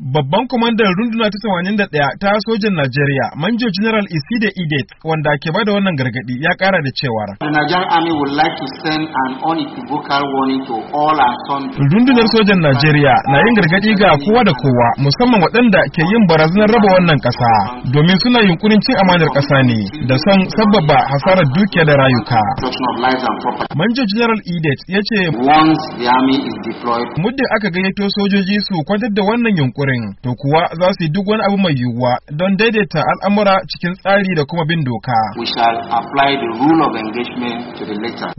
Babban kwamandan runduna ta tamanin da ɗaya ta sojan Najeriya, Manjo General Iside Idet, wanda ke bada wannan gargaɗi ya ƙara da cewar. Rundunar sojan Najeriya na yin gargaɗi ga kowa da kowa, musamman waɗanda ke yin barazanar raba wannan ƙasa, domin suna yunkurin cin amanar ƙasa ne, da son sabbaba hasarar dukiya da rayuka. Manjo General Idet ya ce, Muddin aka gayyato sojoji su kwantar da wannan yunkurin lamarin to kuwa za su yi duk wani abu mai yiwuwa don daidaita al'amura cikin tsari da kuma bin doka.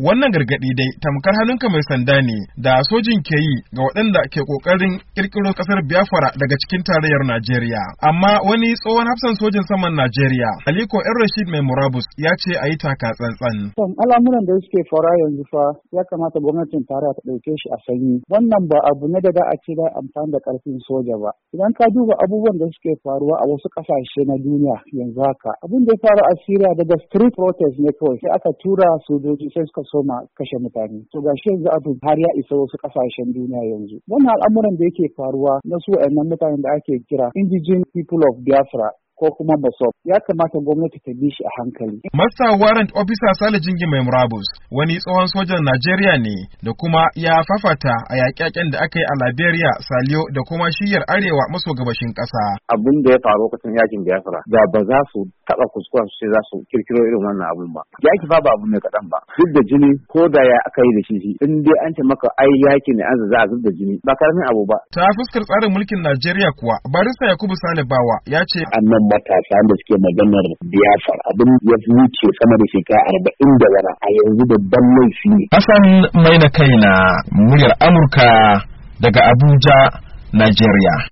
Wannan gargaɗi dai tamkar hannunka mai sanda ne da sojin ke yi ga waɗanda ke ƙoƙarin ƙirƙiro ƙasar Biafra daga cikin tarayyar Najeriya. Amma wani tsohon hafsan sojin saman Najeriya, Aliko ‘yan Rashid Mai Murabus ya ce a yi taka tsantsan. Al'amuran da suke fara yanzu fa ya kamata gwamnatin tarayya ta ɗauke shi a sanyi. Wannan ba abu ne da za a ce da amfani da ƙarfin soja ba. idan ka duba abubuwan da suke faruwa a wasu kasashe na duniya yanzu haka abin da ya faru a Syria daga street protest ne kawai sai aka tura sojoji sai suka soma kashe mutane to gashi yanzu abin har ya isa wasu kasashen duniya yanzu wannan al'amuran da yake faruwa na su waɗannan mutanen da ake kira indigenous people of Biafra ko kuma basop ya kamata gwamnati ta bi shi a hankali. Masta warrant officer Sale Jingi mai murabus wani tsohon sojan Najeriya ne da kuma ya fafata a yaƙe da aka yi a Liberia, Saliyo da kuma shiyar arewa maso gabashin ƙasa. Abin da ya faru lokacin yakin Biafra da ba za su taba kuskuren su za su kirkiro irin wannan abun ba yaki fa ba abu ne kaɗan ba duk da jini ko da ya aka yi da shi in dai an ce maka ai yaki ne an za a zub da jini ba karamin abu ba ta fuskar tsarin mulkin Najeriya kuwa barista Yakubu Sale Bawa ya ce annan matasa da suke maganar biyafar abin ya wuce sama da shekara arba'in da wani a yanzu da ban laifi ne Hassan Maina Kaina muryar Amurka daga Abuja Najeriya